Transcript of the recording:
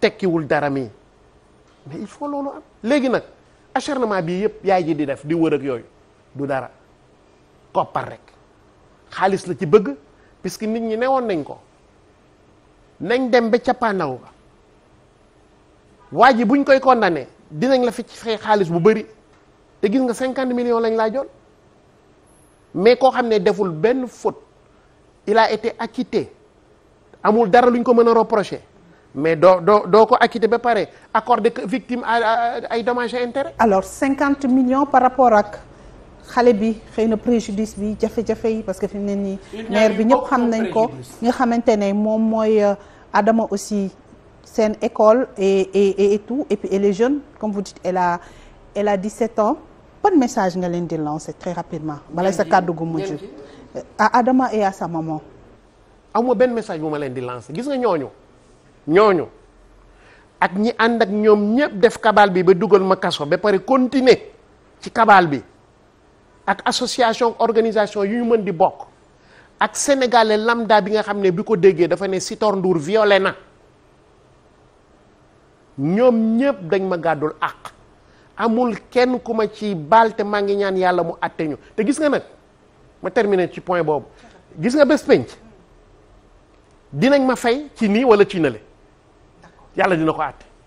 tekkiwul dara mi mais il faut loolu am léegi nag acharnement bii yëpp yaay ji di def di wër ak yooyu du dara koppar rek xaalis la ci bëgg puisque nit ñi ne woon nañ ko nañ dem ba cappaandaw ba waa ji buñ koy condamné dinañ la fi ci fay xaalis bu bëri te gis nga cinquante millions lañ laa joon mais koo xam ne deful benn faute il a été acquitté amul dara luñ ko mën a reprocher mais doo doo doo ko acquitté ba pare accordé que victime ay dommages et intérêts alors cinquante millions par rapport ak xale bi xëy na préjudice bi jafe-jafe yi parce que fi mu nii maire bi ñëpp xam nañ ko nga xamante ne moom mooy euh, Adama aussi seen école et, et et et tout et puis et les jeunes comme vous dites elle a elle a ans ban message nga leen di lancer très rapidement sa kàddu gu mujj euh, à Adama et à sa maman. amuma benn message bu ma leen di lancer gis nga ñooñu ñooñu ak ñi ànd ak ñoom ñëpp def kabal bi ba dugal ma kaso ba pare continuer ci kabal bi ak association organisation yu ñu mën di bokk ak sénégalais lambda bi nga xam ne bi ko déggee dafa ne Sitor Ndour viole na ñoom ñëpp dañ ma gàddul àq amul kenn ku ma ci baal te maa ngi ñaan yàlla mu àtte ñu te gis nga nag ma terminer ci point boobu gis nga bés penc dinañ ma fay ci nii wala ci yàlla dina ko àtte